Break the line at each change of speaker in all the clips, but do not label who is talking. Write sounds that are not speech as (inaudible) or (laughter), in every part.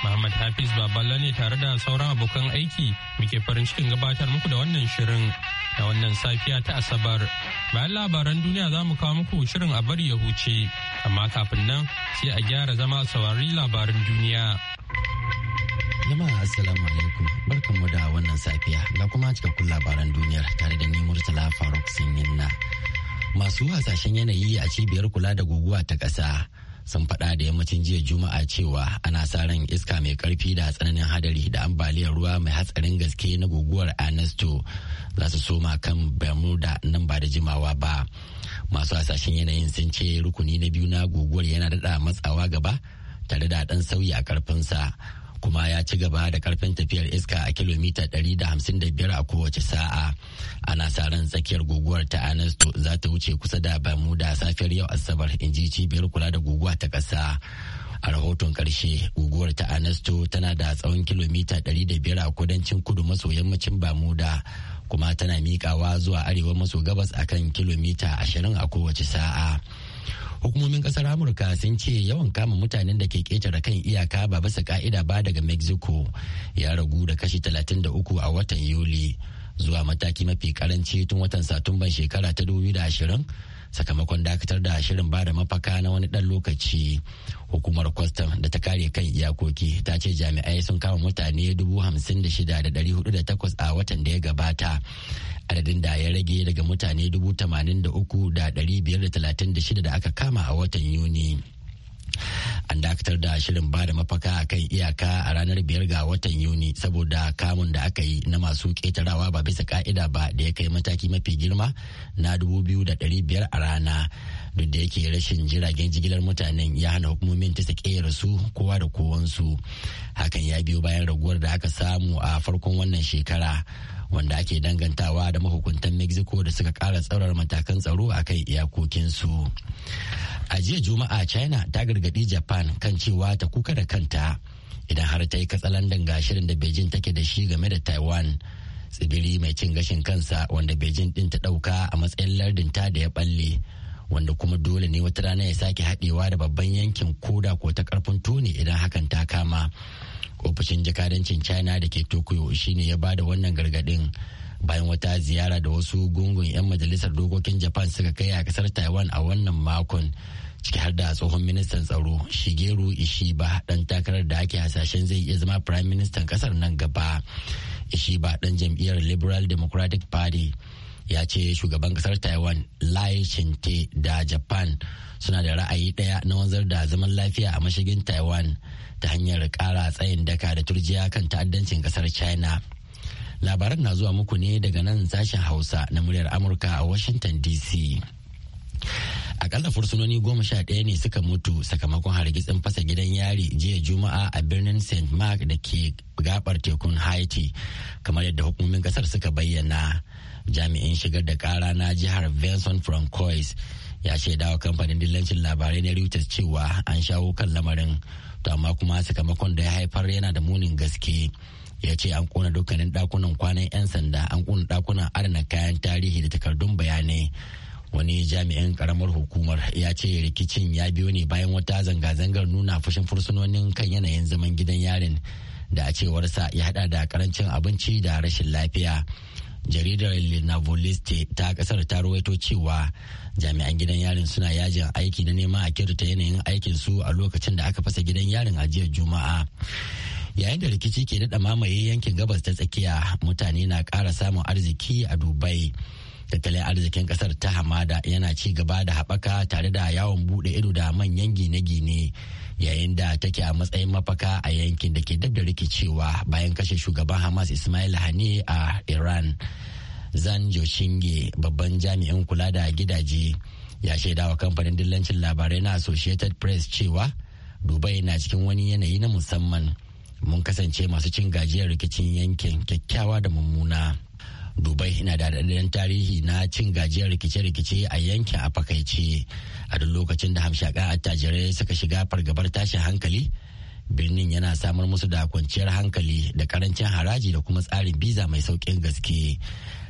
Muhammad Hafiz Baballa ne tare da sauran abokan aiki muke farin cikin gabatar muku da wannan shirin da wannan safiya ta Asabar. Bayan labaran duniya za mu kawo muku shirin a bari ya huce, amma kafin nan sai a gyara zama a saurari labaran duniya.
Yama Assalamu alaikum mu da wannan safiya ga kuma cikakkun labaran duniyar tare da ni Murtala Faruk Sininna. Masu hasashen yanayi a cibiyar kula da guguwa ta ƙasa. sun faɗa da yammacin jiya juma'a cewa ana sa ran iska mai karfi da tsananin hadari da ambaliyar ruwa mai hatsarin gaske na guguwar ernesto za su soma kan bermuda nan ba da jimawa ba masu hasashen yanayin sun ce rukuni na biyu na guguwar yana daɗa matsawa gaba tare da ɗan sauyi a karfinsa kuma ya ci gaba da karfin tafiyar iska a kilomita 155 a kowace sa'a ana sa ran tsakiyar guguwar ta anasto za ta wuce kusa da bermuda safiyar yau asabar in ji cibiyar kula da guguwa ta ƙasa a rahoton karshe guguwar ta anasto tana da tsawon kilomita biyar a kudancin kudu maso yammacin bermuda kuma tana miƙawa zuwa arewa maso gabas akan kilomita 20 a kowace sa'a hukumomin kasar amurka sun ce yawan kama mutanen da ke ƙetare kan iyaka ba bisa ka'ida ba daga mexico ya ragu da kashi 33 a watan yuli zuwa mataki mafi karanci tun watan satumban shekara ta 2020 sakamakon dakatar da shirin ba da mafaka na wani dan lokaci hukumar kwastam da ta kare kan iyakoki ta ce jami'ai sun kama mutane 56,408 a watan da ya gabata adadin da ya rage daga mutane 83,536 da aka kama a watan yuni an dakatar da shirin ba da mafaka a kan iyaka a ranar biyar ga watan yuni saboda kamun da aka yi na masu ketarawa ba bisa ka'ida ba da ya kai mataki mafi girma na dubu biyu da ɗari biyar a rana duk da yake rashin jiragen jigilar mutanen ya hana hukumomin ta sakeyar su kowa da kowansu hakan ya biyo bayan raguwar da aka samu a farkon wannan shekara wanda ake dangantawa da mahukuntan mexico da suka kara tsaurar matakan tsaro a kan iyakokinsu a jiya juma'a china ta gargadi japan japan kan cewa ta kuka da kanta idan har ta yi katsalandan ga shirin da beijing take da shi game da taiwan tsibiri mai cin gashin kansa wanda beijing ɗin ta ɗauka a matsayin lardin ta da ya balle wanda kuma dole ne wata rana ya sake haɗewa da babban yankin koda ko ta karfin tuni idan hakan ta kama ofishin jakadancin china da ke tokyo shine ya bada wannan gargaɗin bayan wata ziyara da wasu gungun 'yan majalisar dokokin japan suka kai a kasar taiwan a wannan makon ciki har da tsohon ministan tsaro shigeru ishiba dan takarar da ake hasashen zai iya zama prime minister kasar nan gaba ishiba dan jam'iyyar liberal democratic party ya ce shugaban kasar taiwan lai chinte da japan suna da ra'ayi ɗaya na wanzar da zaman lafiya a mashigin taiwan ta hanyar kara tsayin daka da turjiya kan ta'addancin kasar china labaran na zuwa muku ne daga nan sashen hausa na muryar amurka a washington dc akalla fursunoni goma sha ɗaya ne suka mutu sakamakon hargitsin fasa gidan yari jiya juma'a a birnin st mark da ke gabar tekun haiti kamar yadda hukumomin kasar suka bayyana jami'in shigar da kara na jihar vinson francois ya shaidawa kamfanin dillancin labarai na reuters cewa an shawo kan lamarin to amma kuma sakamakon da ya haifar yana da munin gaske ya ce an kona dukkanin dakunan kwanan 'yan sanda an kona dakunan adana kayan tarihi da takardun bayanai wani jami'in karamar hukumar ya ce rikicin ya biyo ne bayan wata zanga-zangar nuna fushin fursunonin kan yanayin zaman gidan yarin da a cewarsa ya hada da karancin abinci da rashin lafiya jaridar linavoliste ta kasar ta ruwaito cewa jami'an gidan yarin suna yajin aiki na nema a kirta yanayin aikin su a lokacin da aka fasa gidan yarin a jiya juma'a yayin da rikici ke daɗa mamaye yankin gabas ta tsakiya mutane na ƙara samun arziki a dubai tattalin arzikin kasar ta hamada yana ci gaba da haɓaka tare da yawon buɗe ido da manyan gine-gine yayin da take a matsayin mafaka a yankin da ke dab da rikicewa bayan kashe shugaban hamas ismail hani a iran zan joshinge babban jami'in kula da gidaje ya shaidawa kamfanin dillancin labarai na associated press cewa dubai na cikin wani yanayi na musamman mun kasance masu cin gajiyar rikicin yankin kyakkyawa da mummuna dubai na da daɗaɗɗen tarihi na cin gajiyar rikice-rikice a yankin a fakaice a duk lokacin da hamshaka attajirai suka shiga fargabar tashin hankali birnin yana samar musu da kwanciyar hankali da karancin haraji da kuma tsarin biza mai sauƙin gaske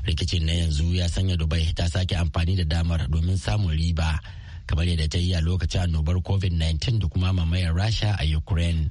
rikicin na yanzu ya sanya dubai ta sake amfani da damar domin samun riba kamar yadda ta yi a lokacin annobar covid-19 da kuma mamayar rasha a ukraine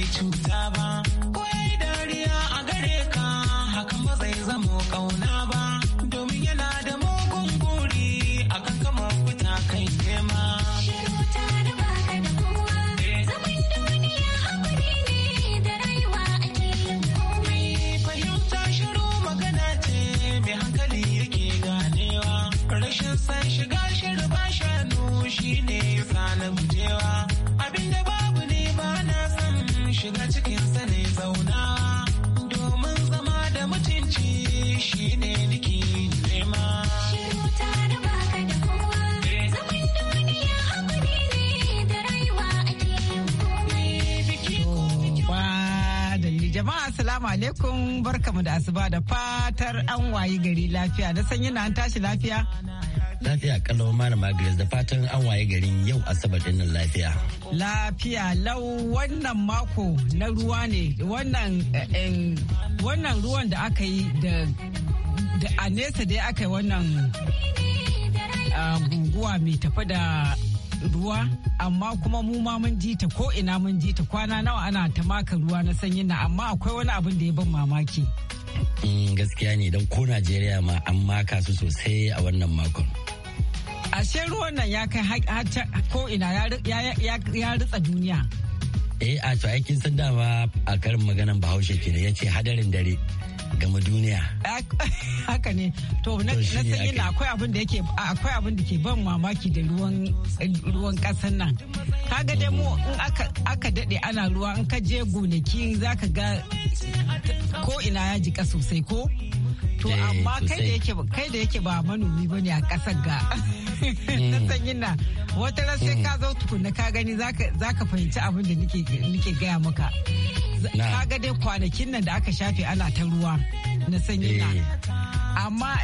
zai cuta ba, kwai dariya a gare ka, hakan ba zai zamo ƙauna.
alaikum barkamu da asuba da fatar an wayi gari lafiya da san yana an tashi lafiya. Lafiya
kalau malama Grace da fatan an waye garin yau asabar dinnan lafiya.
Lafiya lau wannan mako na ruwa ne wannan eh, eh, ruwan da aka yi da a nesa dai aka yi wannan ah, guguwa mai tafi da ruwa amma kuma mu ma mun ji ta ko ina mun ji ta kwana nawa ana ta maka ruwa na sanyi na amma akwai wani abin da ya ban mamaki.
Mm, gaskiya ne don ko Najeriya ma an maka su sosai a wannan makon.
Ashe ruwan nan ya kai ko ina ya ritsa duniya.
eh a to aikin san dama a karin maganan bahaushe ke yace ya ce hadarin dare gama duniya.
Haka ne, to na san na akwai abin da ke ban mamaki da ruwan ruwan kasan nan. Kaga dai mu in aka daɗe ana ruwa in ka je gonaki ka ga ko ina ya jika sosai ko?
To eh, amma kai da yake
kai da ba manomi a kasar ga.
(laughs) Na san
na wata sai mm. ka zo tukunna ka gani za ka fahimci abin da nike nake gaya maka. kaga dai kwanakin nan da aka shafe ana ta ruwa na sanyi na eh. amma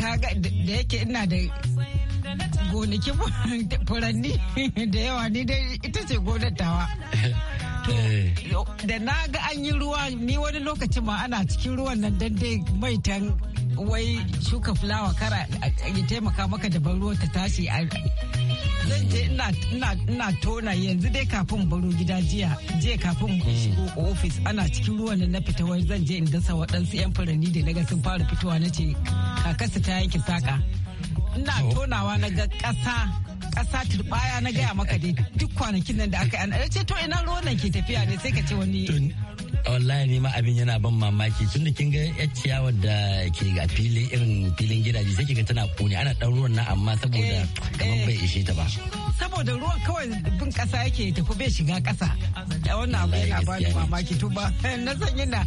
kaga da yake ina da gonakin (laughs) furanni da yawa ni dai ita ce gonatawa (laughs) eh. da na ga an yi ruwa ni wani lokacin ma ana cikin ruwan nan dan dai maitan wai shuka fulawa kara ya taimaka maka da ban ruwa ta tashi zan je ina tona yanzu dai kafin baro gida jiya jiya kafin hmm. shigo ofis ana cikin ruwan na fita wai zan je in dasa waɗansu 'yan furanni da na sun fara fitowa na ce kakasa ta yanke saka ina oh. tonawa na ga ƙasa ƙasa turɓaya na gaya maka dai duk kwanakin nan da aka yi ce to ina ruwan ke tafiya ne sai ka ce wani
wallahi ne ma abin yana ban mamaki tun da kin ga yar ciyawa da ke ga fili irin filin gidaje sai kiga tana kone ana dan ruwan na amma saboda eh, kamar bai eh. ishe ta ba
saboda ruwan kawai bin kasa yake tafi bai shiga kasa wannan abu yana ba mamaki to ba (laughs) na san yana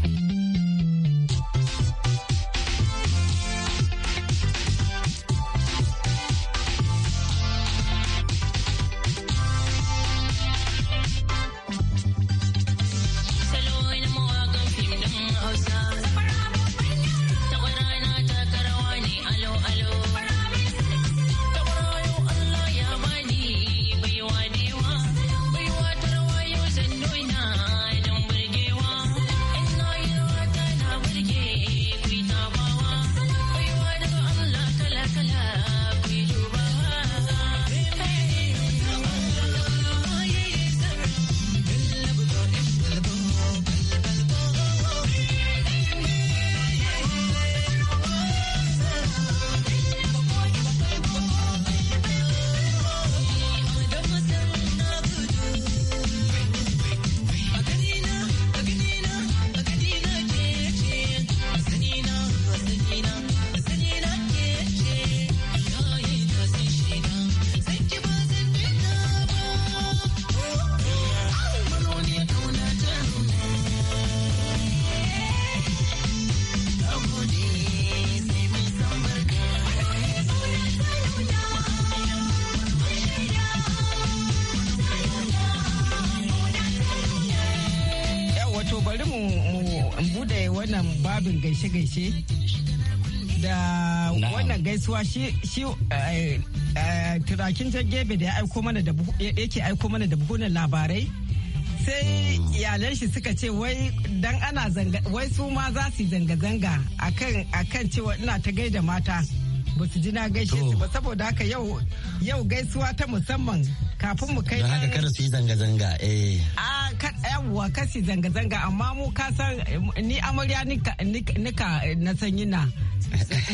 gaishe-gaishe da wannan gaisuwa shi eh, eh, turakin gebe da yake aiko mana da buhunan labarai sai mm. iyalan shi suka ce wai dan ana zanga wai su ma za su zanga-zanga akan cewa ina ta gaida mata ba su ji na gaishe su ba saboda haka yau yau gaisuwa ta musamman kafin mu kai haka kada
su yi zanga-zanga eh
a yawwa kasi zanga-zanga amma mu ka san ni amarya nika na sanyi na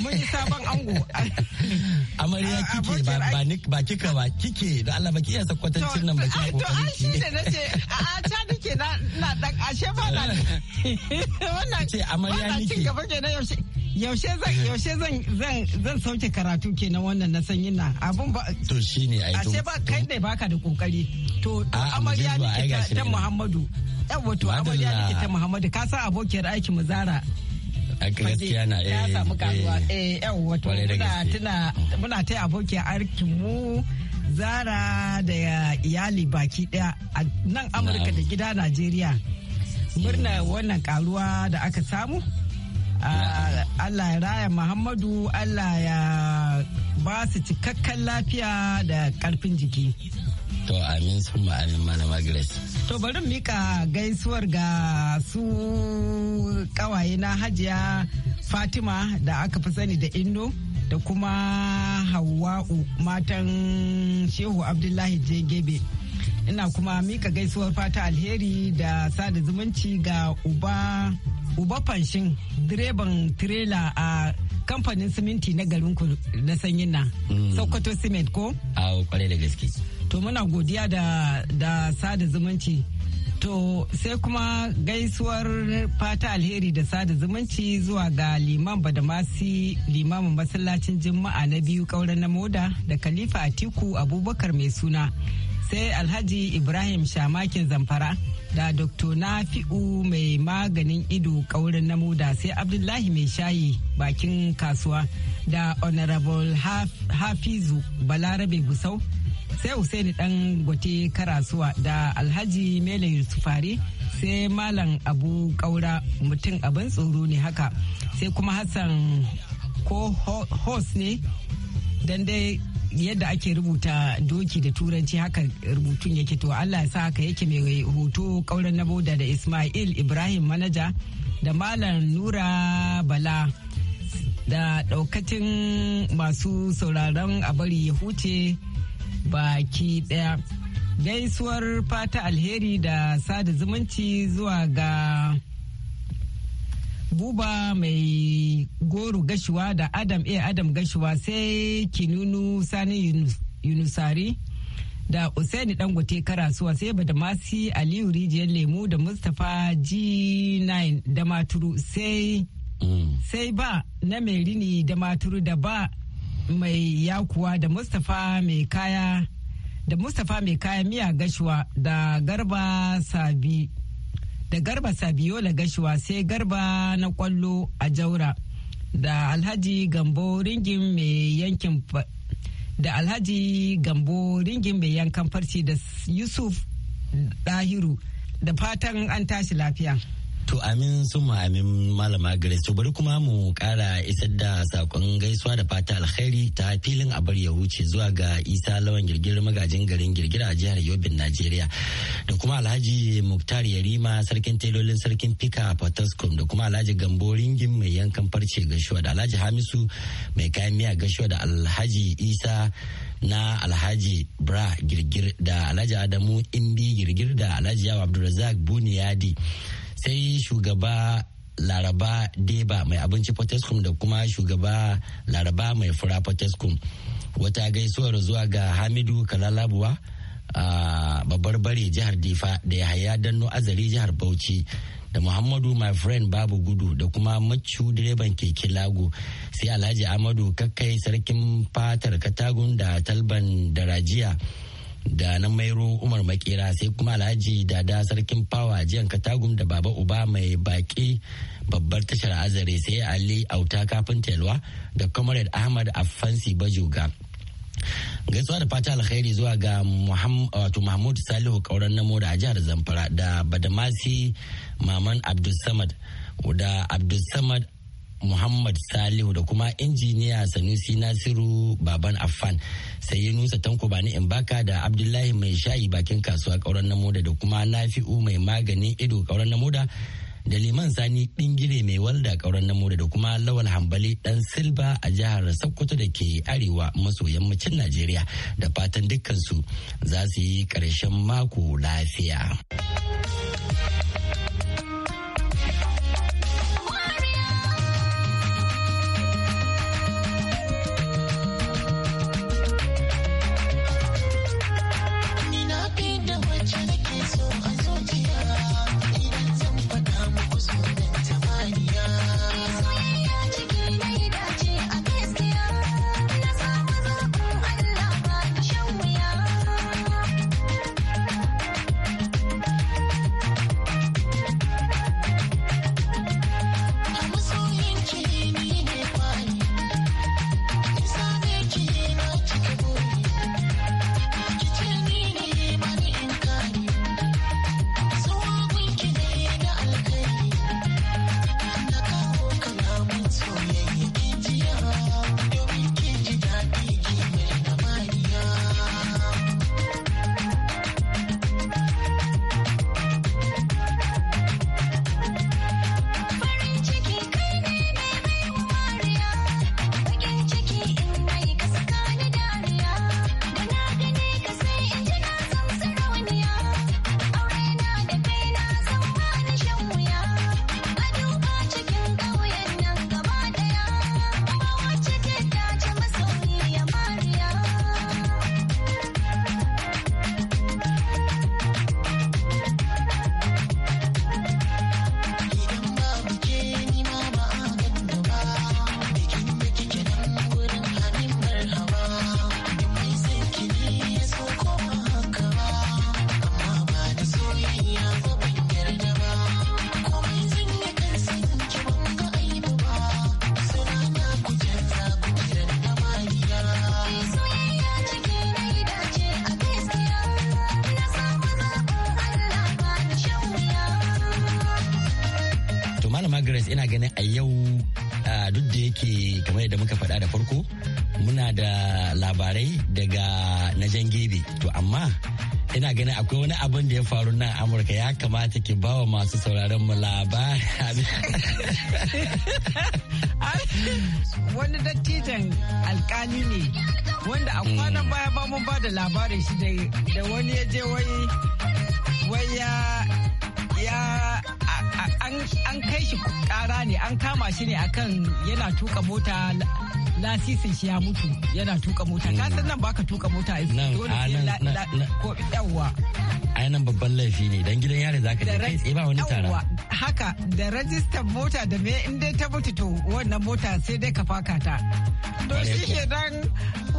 mun yi sabon ango (laughs) amarya kike ba ba kika ba kike da Allah baki iya sakwatancin nan baki ko to ai shi ne nace
a ta nike na na dan ashe ba na
(laughs) (laughs) wannan ce amarya nike
gaba kenan yaushe yaushe zan yaushe zan zan zan sauke karatu kenan wannan na sanyin na abun ba to shine ai to ba kai ne baka da kokari to amarya ne ta Muhammadu yawa to amarya ne ta Muhammadu ka san abokiyar aikin mu Zara
a gaskiya na eh ya samu karuwa
eh, eh yawa to muna tuna muna tai abokiyar aikin mu Zara da iyali baki daya a nan Amurka da gida Najeriya murna wannan karuwa da aka samu Allah ya raya Muhammadu Allah ya ba su cikakken lafiya da karfin jiki.
To amin sun ma'anin malama Grace.
To bari mika gaisuwar ga su kawaye na hajiya Fatima da aka fi sani da Indo da kuma Hawwa'u matan Shehu Abdullahi Jegebe. Ina kuma mika gaisuwar fata alheri da sada zumunci ga uba uba fanshin direban tirela a kamfanin siminti na garin ku na sanyin nan mm. sokoto cement ko
a kwarai da gaske
to muna godiya da da sada zumunci to sai kuma gaisuwar fata alheri da sada zumunci zuwa ga liman badamasi limamin masallacin juma'a na biyu kauran na moda da khalifa atiku abubakar mai suna sai alhaji ibrahim shamakin zamfara da dr nafi'u mai maganin ido kaurin namuda sai abdullahi mai shayi bakin kasuwa da honorable hafizu balarabe gusau sai Hussaini dan gwate karasuwa da alhaji mele yusufari sai malam abu kaura mutum abin tsoro ne haka sai kuma hassan ko hos ne dan dai yadda ake rubuta doki da turanci haka rubutun yake to Allah sa haka yake mai hoto kauran na boda da Ismail Ibrahim manaja da Malam Nura Bala da daukacin masu sauraron a bari ya huce baki daya gaisuwar fata alheri da sada zumunci zuwa ga buba mai goro gashuwa da adam a eh, adam gashuwa sai kinunu sani yunusari da usaini dangote karasuwa sai masi aliyu rijiyar lemu da mustapha g9 da maturu sai mm. sai ba na mai rini da maturu da ba mai yakuwa da mustapha mai kaya da mustapha mai kaya miya gashuwa da garba sabi da garba da gashuwa sai garba na kwallo a jaura da alhaji gambo ringin mai yankin da alhaji gambo ringin mai yankan farci da yusuf dahiru da fatan an tashi lafiya.
To amin sun amin malama gare su bari kuma mu kara isar da sakon gaisuwa da fata alkhairi ta filin abar ya wuce zuwa ga isa lawan girgir magajin garin girgira a jihar Yobin Najeriya da kuma Alhaji Muktar Yarima sarkin telolin sarkin Fika a Potoskum da kuma Alhaji Gambo Ringin mai yankan farce gashuwa da Alhaji Hamisu mai kayan miya gashuwa da Alhaji Isa na alhaji bra girgir da alhaji adamu indi girgir da alhaji yawa abdulrazak buniyadi sai shugaba laraba deba mai abinci potescom da kuma shugaba laraba mai fura potescom wata gaisuwar zuwa ga hamidu kalalabuwa a babbar bare jihar difa da ya haya danno azari jihar bauchi da muhammadu my friend babu gudu da kuma macu direban keke lago sai alhaji amadu kakkai sarkin fatar katagun da talban darajiya da na mairo umar makera sai kuma alhaji dada sarkin fawa jiyan katagum da baba uba mai baki babbar tashar azare sai ali auta kafin telwa da comrade ahmad afansi bajoga gaisuwa da fata alkhairi zuwa ga wato mahmud salihu kauran namo da jihar zamfara da badamasi maman abdulsamad da abdulsamad Muhammad Salihu da kuma injiniya Sanusi Nasiru Baban Affan sai Yunusa Tanko Bani Imbaka da Abdullahi Mai Shayi bakin kasuwa kauran namoda da kuma Nafi'u Mai Maganin Ido kauran namoda da Liman Sani Dingire Mai Walda kauran namoda da kuma Lawal Hambali ɗan Silba a jihar Sokoto da ke arewa maso yammacin Najeriya da fatan dukkansu za su yi ƙarshen mako lafiya. labarai daga na jangibi to amma ina ganin akwai wani abin da ya faru nan amurka ya kamata ki bawa masu sauraron mu labari
(laughs) wani dattijan alkali ne wanda a kwanan baya ba mun ba da labarin shi da wani ya je wai ya an kai shi kara ne an kama shi ne akan yana tuka mota lasisin shi ya mutu yana tuka mota ka san nan baka tuka mota ai dole ko yawa
ai nan babban laifi ne dan gidan yare zaka je kai ba wani tara
haka da rajistar mota da me in dai ta mutu to wannan mota sai dai ka faka ta to shi ke dan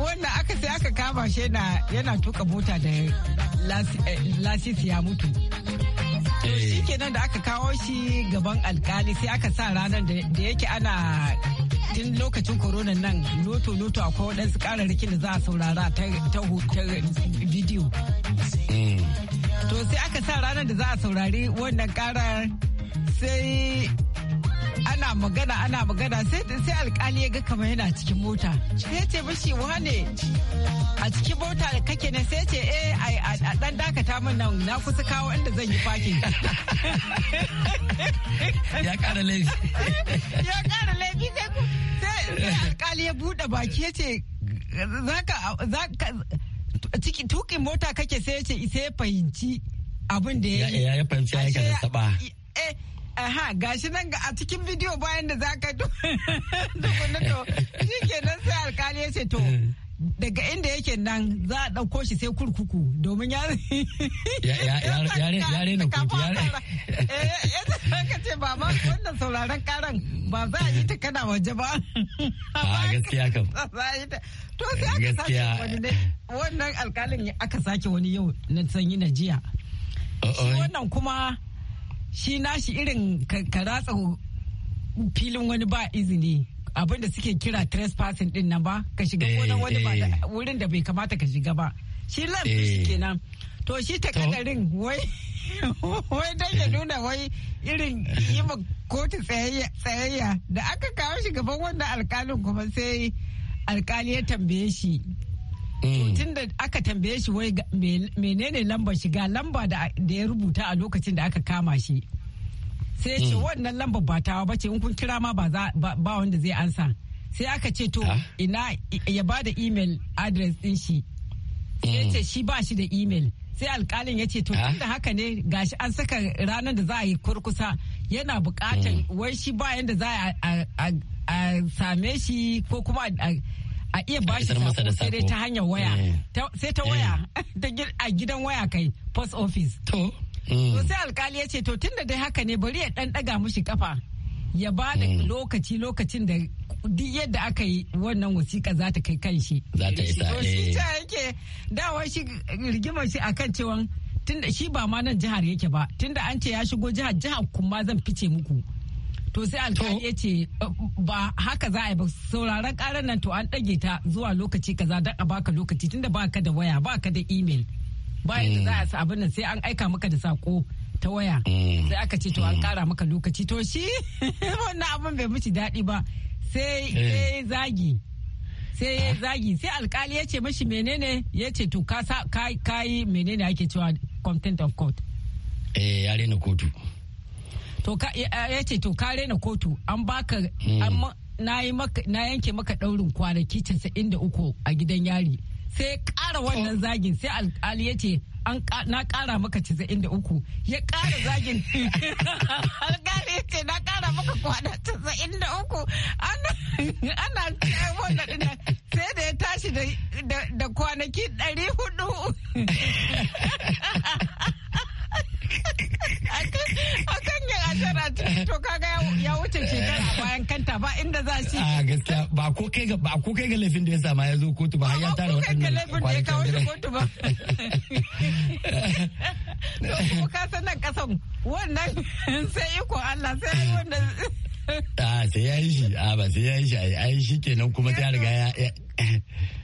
wannan aka sai aka kama shi yana yana tuka mota da eh, lasisi ya mutu shi eh. kenan da aka kawo shi gaban alkali sai aka sa ranar da yake ana cikin lokacin korona nan noto noto akwai waɗansu ƙararrakin da za a saurara ta bidiyo. Mm. To sai aka sa ranar da za a saurari wannan ƙarar sai ana magana ana magana sai sai alkali ya ga kamar yana cikin mota sai ce mashi wane a cikin mota kake ne sai ce eh a dan dakata min nan na kusa kawo inda zan yi parking (laughs) ya kara laifi (laughs) ya kara laifi sai sai alkali ya bude baki ya ce zaka tuki mota kake sai ya ce sai fahimci abin da ya yi ya fahimci ya yi ka saba eh Aha, gashi nan a cikin bidiyo bayan da za ka (laughs) tukuna to, shi kenan sai alkali ya ce to, daga inda yake nan za a ɗauko shi sai kurkuku domin ya rena kuku ya ya ka ce ba ma wannan sauraron karan ba za a yi ta kana waje ba (laughs)
a gaskiya kam
to sai aka sake wani ne wannan alkalin aka sake wani yau na sanyi na jiya shi wannan kuma shi nashi irin ka ratsa filin wani ba izini abin da suke kira trespassing din nan ba ka shiga wani eh, wani ba eh. wurin da bai kamata ka shiga ba shi lafi shi eh. kenan to shi ta kadarin wai (laughs) wai dan ya nuna wai irin yi ma kotu tsayayya da aka kawo shi gaban wannan alkalin kuma sai alkali ya tambaye shi Mm. tun da aka tambaye shi wai menene lamba shiga lamba da ya rubuta a lokacin da aka kama shi sai ce mm. wannan lamba ba tawa ba ce in kun kira ma ba wanda zai ansa sai aka ce to ah. ina ya ba da email address din shi sai mm. ce shi ba shi da email sai alkalin ya ce to ah. tun da haka ne gashi an saka ranar da za a yi kurkusa yana bukatar wai shi ba yanda za a same shi ko kuma a iya ba shi sako sai ta hanyar waya eh. sai ta waya eh. (laughs) a gidan waya kai post office to mm. sai alkali ya ce to tun da dai haka ne bari ya dan daga mushi kafa ya ba da mm. lokaci lokacin da duk yadda aka yi wannan wasiƙa za ta kai kan shi. Za ta isa eh. Shi yake dawa shi rigimar shi akan cewa tunda shi ba ma nan jihar yake ba tunda an ce ya shigo jihar jihar kuma zan fice muku. to sai alkali ya ce ba haka za a yi ba sauraron karar nan to an ɗage ta zuwa lokaci kaza don a baka lokaci tunda ka da waya ba ka da email bayan da za a abin nan sai an aika maka da sako ta waya mm. sai aka ce to an kara mm. maka lokaci to shi (laughs) wannan abin bai mishi daɗi ba sai zagi eh. sai ya zagi sai ah. alkali ya ce mashi menene ya ce to ka yi menene ake cewa content of court
eh ya rena kotu
to ya ce to ka rena kotu an baka hmm. na yanke maka daurin kwanaki 93 a gidan yari sai kara wannan zagin sai alkali (laughs) ya ce na kara maka 93 ya kara zagin alkali ya ce na kara maka kwana 93 ana wannan dina sai da ya tashi da kwanaki 400 (laughs) akan ya asara to kaga ya wuce shekara bayan kanta ba inda za shi a
gaskiya ba ko kai ga ba ko kai ga laifin da ya sama ya zo kotu ba har ya tara wannan ba ko kai ga laifin da ya kawo kotu ba
to ko ka nan kasan wannan sai iko Allah sai wanda
a ah, sai ya yi shi a ah, ba sai ya yi shi ai shi kenan kuma ta riga ya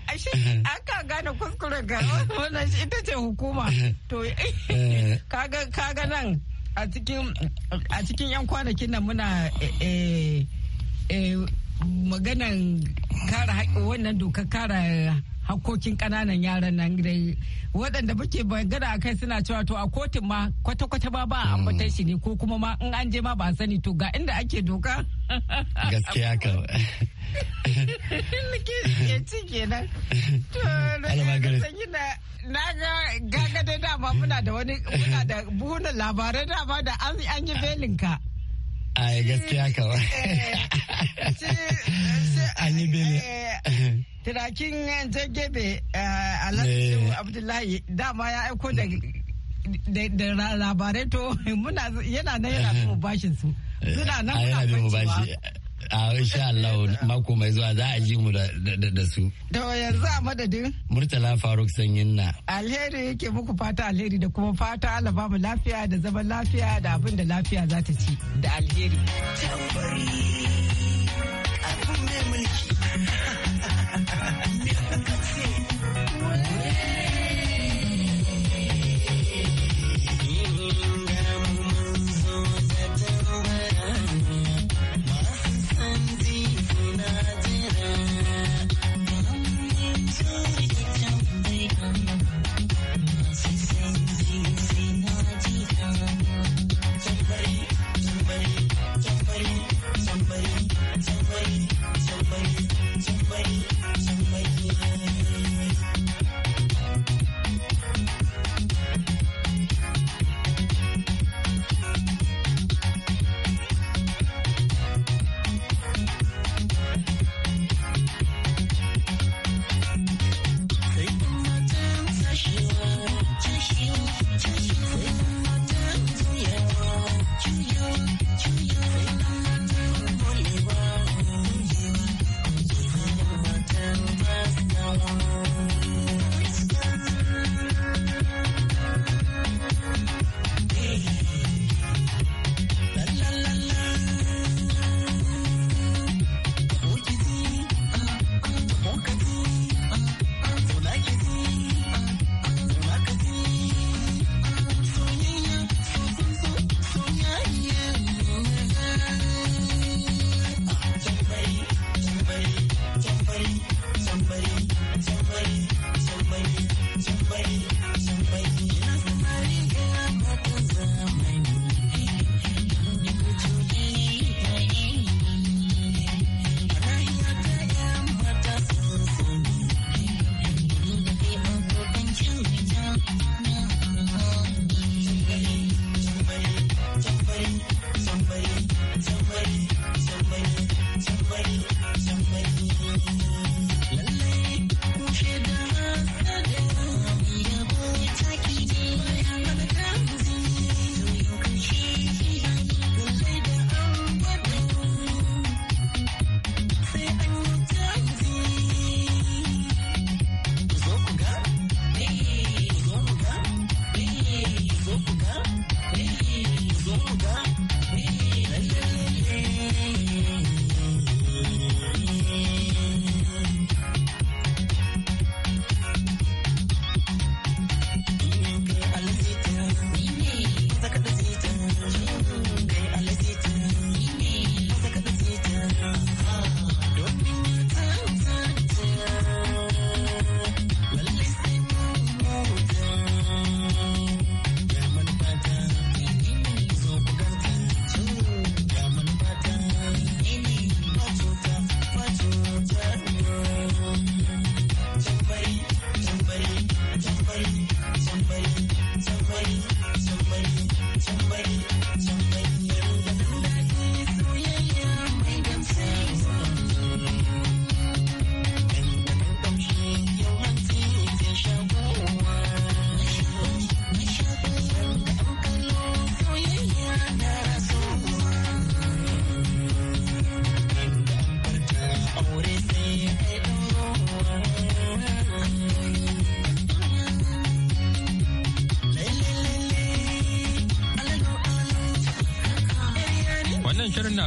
ashe eh. aka gane kuskuren ga eh. wannan ita ce hukuma eh. to
kaga nan a cikin yan kwanakin nan muna maganan kara wannan doka kara hakkokin ƙananan yaran nan dai waɗanda muke bagana akai suna cewa to a kotun ma kwata-kwata ba ba hmm. ambatan shi ne ko kuma ma in an je ma ba sani to ga inda ake doka
(laughs) gaskiya ka
ci kenan to (laughs) na ga gaga da dama muna da wani muna da buhunan labarai dama da an yi belinka
ai gaskiya ka
an yi belin (laughs) tirakin jagebe eh, eh. alhaji abdullahi dama ya aiko da labarai to (laughs) muna yana nan yana eh. bin bashin su suna nan muna
a insha Allah mako mai zuwa za a ji mu da su
to yanzu a madadin
Murtala Faruk Sanyin na
alheri yake muku fata alheri da kuma fata Allah ba lafiya da zaman lafiya da abin da lafiya za ta ci da alheri